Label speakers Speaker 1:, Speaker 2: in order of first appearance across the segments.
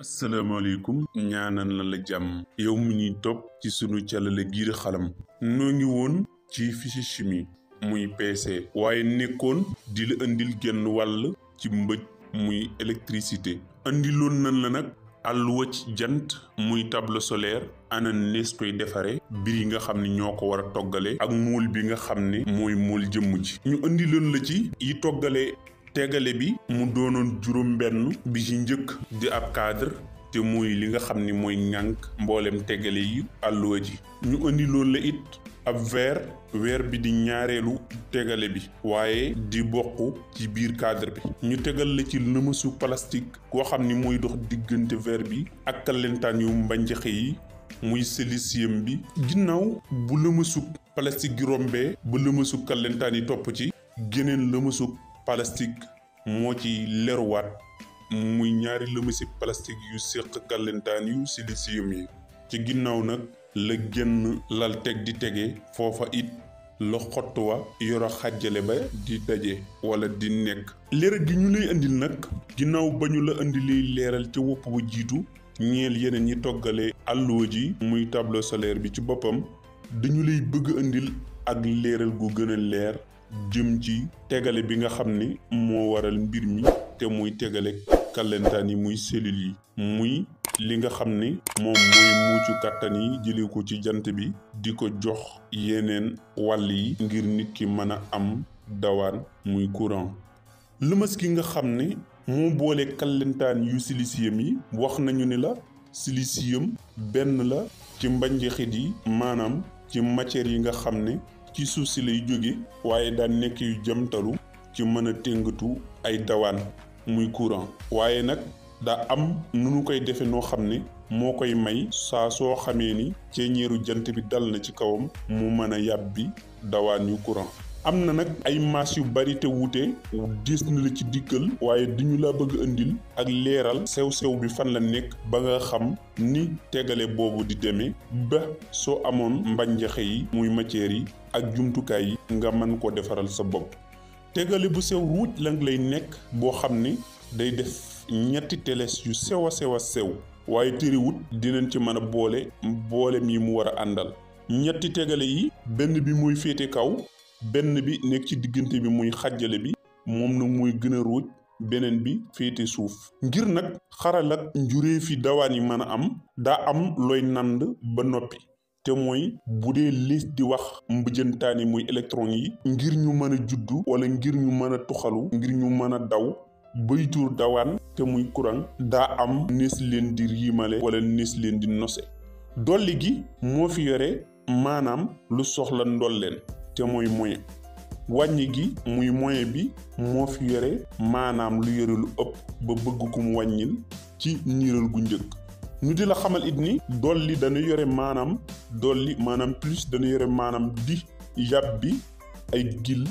Speaker 1: asalaamaaleykum ñaanan la la jàmm yow mi ñuy topp ci sunu calale giir xalam noo ngi woon ci physique chimie muy PC waaye nekkoon di la indil genn wàll ci mbëj muy électricité indiloon nan la nag àlluwa ci jant muy tableau solaire ana nees koy defare biir yi nga xam ne ñoo ko war a toggale ak mool bi nga xam ne mooy mool jëmm ji ñu indiloon la ci yi toggalee tegale bi mu doonoon juróom benn bi ci njëkk di ab cadre te muy li nga xam ni mooy ŋànk mboolem tegale yi àlluwa ji ñu indi la it ab weer weer bi di ñaareelu tegale bi waaye di bokk ci biir cadre bi ñu tegal la ci lëmasu plastique koo xam ni mooy dox diggante weer bi ak kallentaan yu mbanjaxe yi muy silicium bi ginnaaw bu lëmasu plastique juróom rombee ba lëmasu kallentaan yi topp ci geneen lëmasu plastique moo ci leruwaat muy ñaari lëmësi plastique yu séq kallentaan yu silicium yi ci ginnaaw nag la génn lal teg di tege foofa it la xott wa yor a xàjjale ba di daje wala di nekk leeral gi ñu lay indil nag ginnaaw ba ñu la indilee leeral ca wopp bu jiitu ñeel yeneen yi toggale àlluwa ji muy tableau solaire bi ci boppam dañu lay bëgg indil ak leeral gu gën a leer jëm ci tegale bi nga xam ni moo waral mbir mi te muy tegale kallentaan yi muy cellules yi muy li nga xam ni moom mooy muucu kàttan yi jëlee ko ci jant bi di ko jox yeneen wàll yi ngir nit ki mën a am dawaan muy courant lëmas ki nga xam ne moo boole kallentaan yu silicium yi wax nañu ni la silicium benn la ci mbanjixit yi maanaam ci matière yi nga xam ne ci suuf si lay jóge waaye daan nekk yu jëmtalu ci mën a téngatu ay dawaan muy courant waaye nag daa am nu nu koy defe noo xam ne moo koy may saa soo xamee ni ceeñeeru jant bi dal na ci kawam mu mën a yàbbi dawaan yu courant am na nag ay maas yu bari te wuute diis na la ci dikkal waaye duñu la bëgg indil ak leeral sew-sew bi fan la nekk ba nga xam ni tegale boobu di demee ba soo amoon mbanjaxe yi muy matières yi ak jumtukaay yi nga mën koo defaral sa bopp tegale bu sew ruuj lang lay nekk boo xam ne day def ñetti teles yu sew a sew a sew waaye téerewut dinañ ci mën a boole mboolem yi mu war a àndal ñetti tegale yi benn bi muy féete kaw benn bi nekk ci diggante bi muy xàjjale bi moom na muy gën a beneen bi féete suuf ngir nag xaral ak njuree fi dawaan yi mën a am daa am looy nand ba noppi te mooy bu dee liis di wax mbëjëntaani muy électron yi ngir ñu mën a juddu wala ngir ñu mën a tuxalu ngir ñu mën a daw bay tuur dawaan te muy courant daa am nees leen di riimale wala nees leen di nose dolli gi moo fi yore maanaam lu soxla ndolleen te mooy moyen wàññi gi muy moye bi moo fi yore maanaam lu yore lu ëpp ba bëgg ku mu ci niiral gu njëkk ñu di la xamal it ni dolli dañu yore maanaam dolli maanaam plus dañu yore maanaam di yàb bi ay gil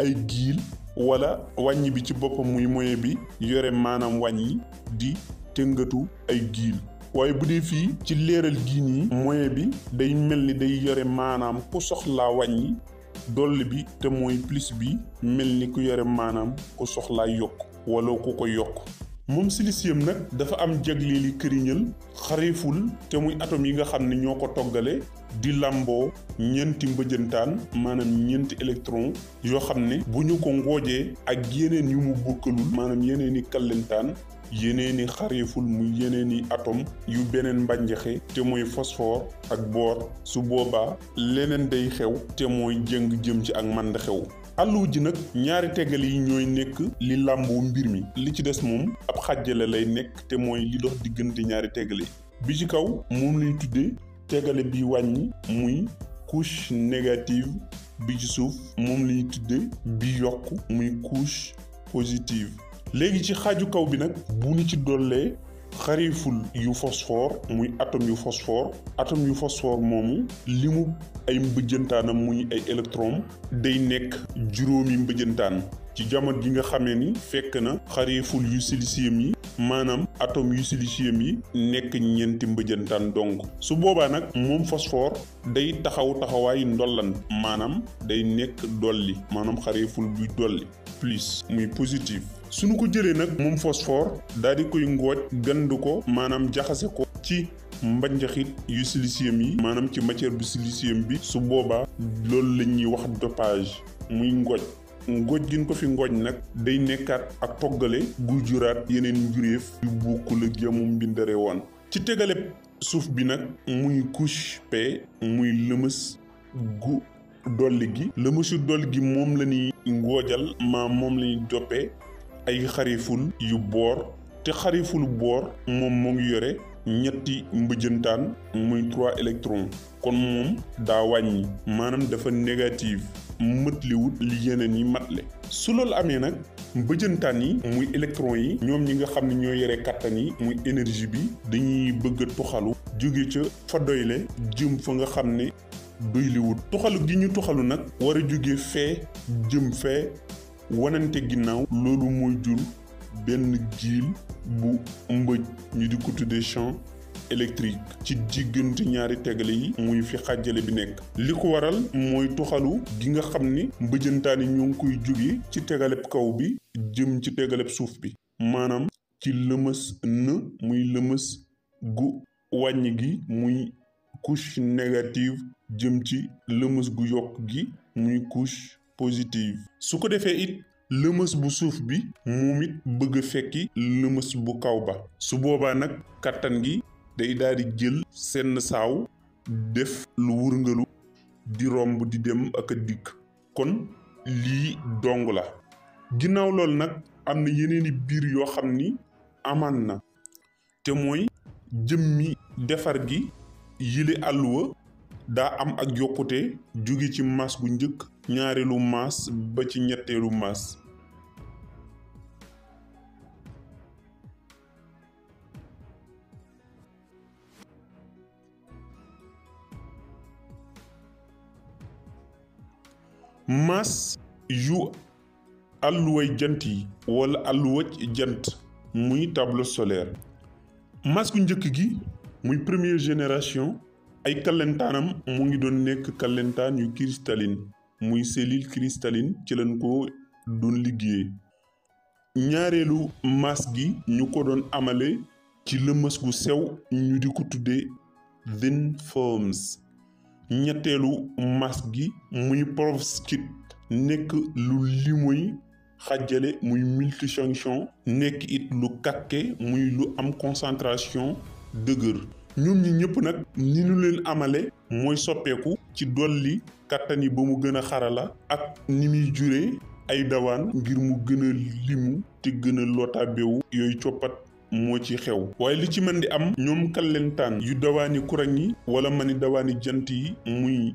Speaker 1: ay giil wala wàññi bi ci boppam muy moyen bi yore maanaam wàññi di tëngatu ay giil waaye bu dee fii ci leeral gii nii moyen bi day mel ni day yore maanaam ku soxlaa wàññi doll bi te mooy plus bi mel ni ku yore maanaam ku soxlaa yokk wala ku ko yokk moom silicium nag dafa am jagleel yi këriñal xariiful te muy atom yi nga xam ne ñoo ko toggale di làmboo ñeenti mbëjëntaan maanaam ñeenti électron yoo xam ne bu ñu ko ngoojee ak yeneen yu mu bokkalul maanaam yeneeni i yeneeni xariful mu yeneeni atom yu beneen mbànjaxe te mooy phosphore ak boor su boobaa leneen day xew te mooy jëng jëm ci ak mànd xew àlluw ji nag ñaari tegale yi ñooy nekk li làmboo mbir mi li ci des moom ab xàjjale lay nekk te mooy li dox diggante ñaari tegale bi ci kaw moom lay tudde tegale bi wàññi muy couche négative bi ci suuf moom lay tudde bi yokk muy couche positive léegi ci xaaju kaw bi nag bu ñu ci dollee xariful yu phosphore muy atom yu phosphore atome yu phosphore moomu li mu ay mbëjjantaanam muy ay électron day nekk juróomi mbëjjantaan ci jamono ji nga xamee ni fekk na xariful yu silicium yi maanaam atom yu silicium yi nekk ñeenti mbëjjantaan donc su boobaa nag moom phosphore day taxaw taxawaayu ndollan maanaam day nekk dolli maanaam xariful buy dolli plus muy positif suñu ko jëlee nag moom phosphore daal di koy ngooj gand ko maanaam jaxase ko ci mbanjaxit yu silicium yi maanaam ci matière bu silicium bi su booba loolu la ñuy wax doppage muy ngooj ngooj gin ko fi ngooj nag day nekkaat ak toggale guy juraat yeneen njuréef yu bokkul ak yamu mbindare woon ci tegale suuf bi nag muy couche p muy lëmës gu dolli gi la mësu dolli gi moom la ñuy ngoojal maam moom la joppe ay xariful yu boor te xariful boor moom moo ngi yore ñetti mbëjëntaan muy trois électrons kon moom daa wàññi maanaam dafa négative mët liwut li yeneen yi matle su loolu amee nag mbëjëntaan yi muy électrons yi ñoom ñi nga xam ne ñoo yore kattan yi muy énergie bi dañuy bëgg a jóge ca fa doyle jëm fa nga xam ni doy toxalu wut gi ñu tuxalu nag war a jóge fee jëm fee wanante ginnaaw loolu mooy jur benn jiil bu mbëj ñu di ko tuddee champ électrique ci diggante ñaari tegale yi muy fi xàjjale bi nekk li ko waral mooy toxalu gi nga xam ni mbëjantaani ñoo ngi koy jóge ci tegaleb kaw bi jëm ci tegaleb suuf bi maanaam ci lëmës na muy lëmës gu wàññi gi muy couche négative jëm ci lëmës gu yokk gi muy couche positive su ko defee it lëmës bu suuf bi moom it bëgg a fekki lëmës bu kaw ba su boobaa nag kàttan gi day daal jël seen saaw def lu wurngalu di romb di dem ak a dikk kon lii dong la ginnaaw loolu nag am na yeneeni biir yoo xam ni amaan na te mooy jëmmi defar gi yile àlluwa daa am ak yokkute jóge ci maas gu njëkk ñaareelu maas ba ci ñetteelu maas maas yu àlluway jant yi wala àlluwaj jant muy tableau solaire maas gu njëkk gi muy première génération ay kallentaanam mu ngi doon nekk kallentaan yu cristalline muy cellule cristalline ci leen ko doon liggéey ñaareelu masse gi ñu ko doon amale ci lëmës gu sew ñu di ko tuddee thin films ñetteelu masse gi muy perovskite nekk lu limoy xajjale muy multijonction nekk it lu kakke muy lu am concentration dëgër ñoom ñi ñëpp nag ni ñu leen amale mooy soppeeku ci dolli kattan yi ba mu gën a xarala ak ni muy juree ay dawaan ngir mu gën a limu te gën a lotaabewu yooyu coppat moo ci xew waaye li ci mën di am ñoom kallentaan yu dawaani kuraŋ yi wala mani dawaani jant yi muy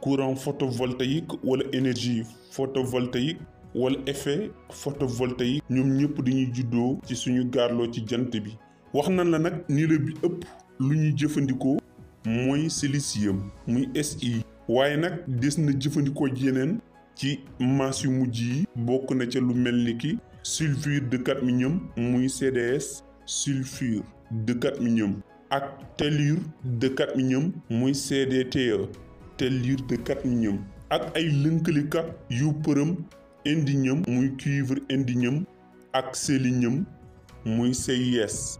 Speaker 1: courant photovoltaïque wala énergie photovoltaïque wala effet photovoltaïque ñoom ñëpp dañuy juddoo ci suñu gaarloo ci jant bi wax nañ la nag nii la bi ëpp lu ñuy jëfandikoo mooy silicium muy Si waaye nag des na jëfandikoo yeneen ci masse yu mujj yi bokk na ca lu mel ni ki sulfure de cadmium muy CDS sulfure de cadmium ak tellure de cadmium muy CDTE tellure de cadmium ak ay lënkalika yu përëm indignum muy cuivre indignum ak sélénium muy CIS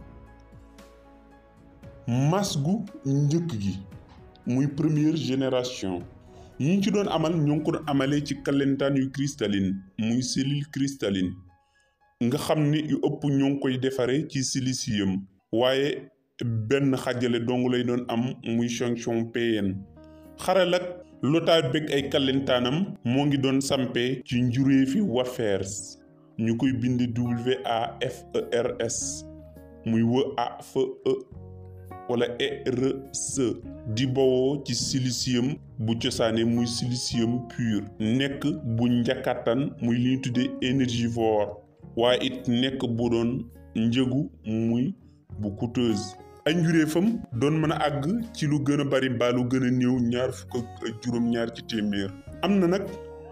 Speaker 1: mas gu njëkk gi muy première génération ñu ci doon amal ñoo kon amalee ci kalentaan yu cristalline muy cellule cristalline nga xam ni yu ëpp ñoo koy defaree ci silicium waaye benn xajale dong lay doon am muy jonction PN xaral ak lotaa bég ay kalentaanam moo ngi doon sampee ci njurée fi wafeers ñu koy bind W A F E R muy W wala ERC di bawoo ci silicium bu cosaanee muy silicium pur nek bu njakattan muy li ñu tuddee énergivore waaye it nek bu doon njëgu muy bu coûteuse. ay njureefam doon mën a ci lu gën bari mbaa lu gën a néew ñaar fukk ak juróom-ñaar ci téeméer am na nag.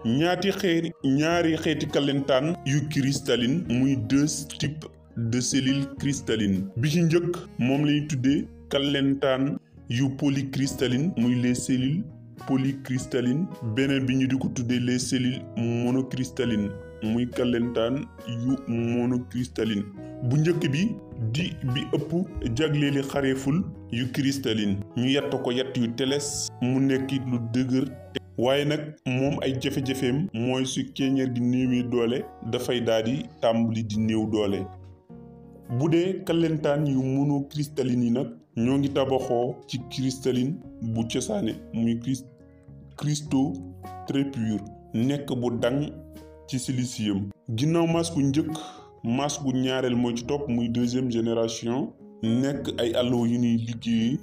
Speaker 1: ñaati xeeti ñaari xeeti kalentaan yu cristalline muy deux types de cellules cristallines bi ci njëkk moom lañu tuddee kallentaan yu polycristalline muy les cellules polycristalline beneen bi ñu di ko tuddee les cellules monocristalline muy kallentaan yu monocristalline bu njëkk bi di bi ëpp jagleeli xareeful yu cristalline ñu yatt ko yatt yu teles mu nekk lu dëgër waaye nag moom ay jafe-jafeem mooy su keñeer gi néewee doole dafay daal di tàmbali di néew doole bu dee kallentaan yu monocristalline yi nag ñoo ngi tabaxoo ci cristalline bu cosaane muy cristaux très pur nekk bu dang ci silicium ginnaaw masse bu njëkk masse bu ñaareel moo ci topp muy deuxième génération nekk ay allo yu ñuy liggéey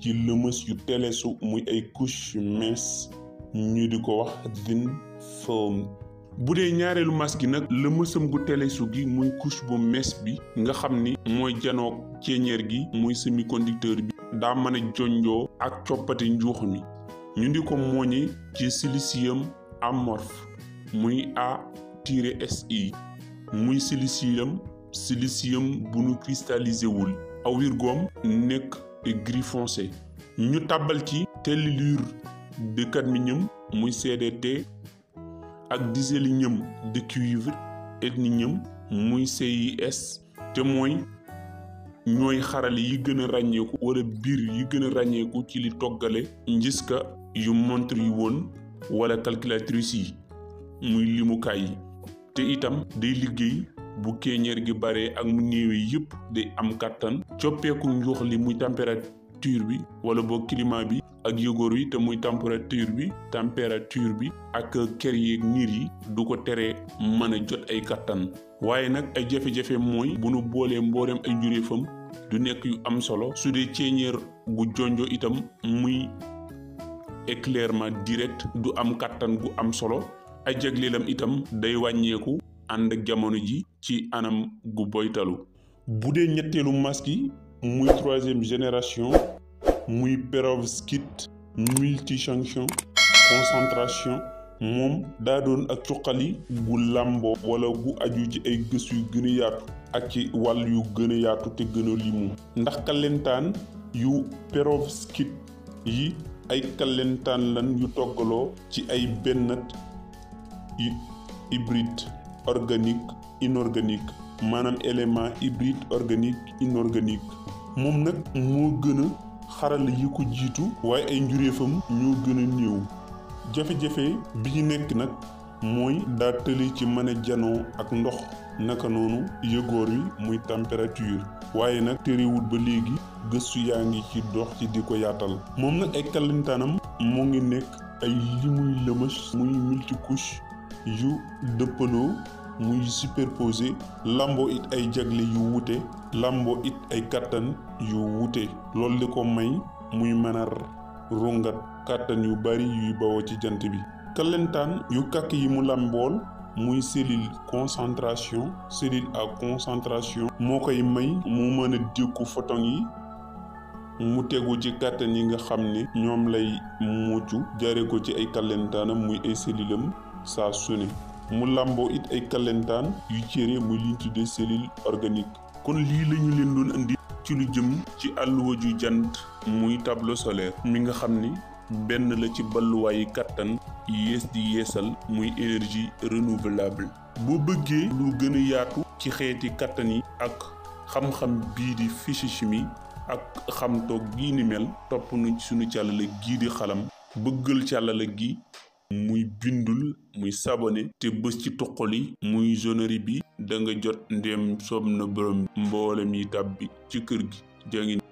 Speaker 1: ci lëmës yu telesu muy ay couche mince ñu di ko wax thin film bu dee ñaareelu mas gi nag la mësam gu telesu gi muy couche bu mes bi nga xam ni mooy janoog ceeñeer gi muy semi-conducteur bi daa mën a jonjoo ak coppati njuux mi ñu di ko mooñe ci silicium amorphe muy A tiré Si muy silicium silicium bu nu cristallisé wul aw wirgoom nekk gris foncé ñu tàbbal ci tellure de cadmium muy CdT ak disélium de cuivre ñëm muy CIS te mooy ñooy xaral yi gën a ràññeeku wala biir yi gën a ràññeeku ci li toggale njiska yu montre yi woon wala calculatrice yi muy limukaay yi te itam day liggéey bu keñeer gi bare ak mu néewee yépp day am kàttan coppeeku njox li muy température bi wala boo climat bi ak yëgóor yi te muy température bi température bi ak kër yeeg niir yi du ko teree mën a jot ay kattan waaye nag ay jafe-jafe mooy bu nu boolee mbooleem ay njuréefam du nekk yu am solo su dee ceeñeer gu jonjo itam muy éclairement direct du am kattan gu am solo a jagleelam itam day wàññeeku ànd ak jamono ji ci anam gu boytalu bu dee ñetteelu masque yi muy troisième génération muy perovskite multijonction concentration moom daa doon ak cuqali bu làmboo wala bu aju ci ay gis yu gën a yaatu ak ci wàll yu gëna yaatu te gën a limu ndax kalentaan yu perovskite yi ay kalentaan lan yu toggaloo ci ay bennat hybride organique inorganique maanaam élément hybride organique inorganique moom nag moo gën xarala yi ko jiitu waaye ay njuréefam ñoo gën a néew jafe-jafe bi ñu nekk nag mooy daa ci mën a janoo ak ndox naka noonu yëgoor yi muy température waaye nag terewul ba léegi gëstu yaa ngi ci dox ci di ko yaatal moom na ay kalantaanam moo ngi nekk ay limuy lëmës muy multicouche yu dëppaloo muy superposé lamboo it ay jagle yu wuute lamboo it ay kàttan yu wuute loolu li ko may muy mën a rungat yu bari yuy bawoo ci jant bi kalentaan yu kàkk yi mu làmbool muy cellule concentration cellule à concentration moo koy may mu mën a dékku yi mu tegu ci kàttan yi nga xam ni ñoom lay muccu jare ko ci ay kalentaanam muy ay cellulam saa su mu làmboo it ay kalentaan yu cere muy liñ tuddee cellule organique kon lii lañu leen doon indi ci lu jëm ci àlluwa ju jant muy tableau solaire mi nga xam ni benn la ci balluwaayi kàttan yées di yeesal muy énergie renouvelable boo bëggee lu gën a yaatu ci xeeti kàttan yi ak xam-xam bii di physique-chimie ak xam toog gii ni mel topp nu sunu càllale gii di xalam bëggal càllale gi muy bindul muy sabone te bés ci tuqal yi muy sonnerie bi danga jot ndéem soob na borom mboolem yi tàbbi ci kër gi jaa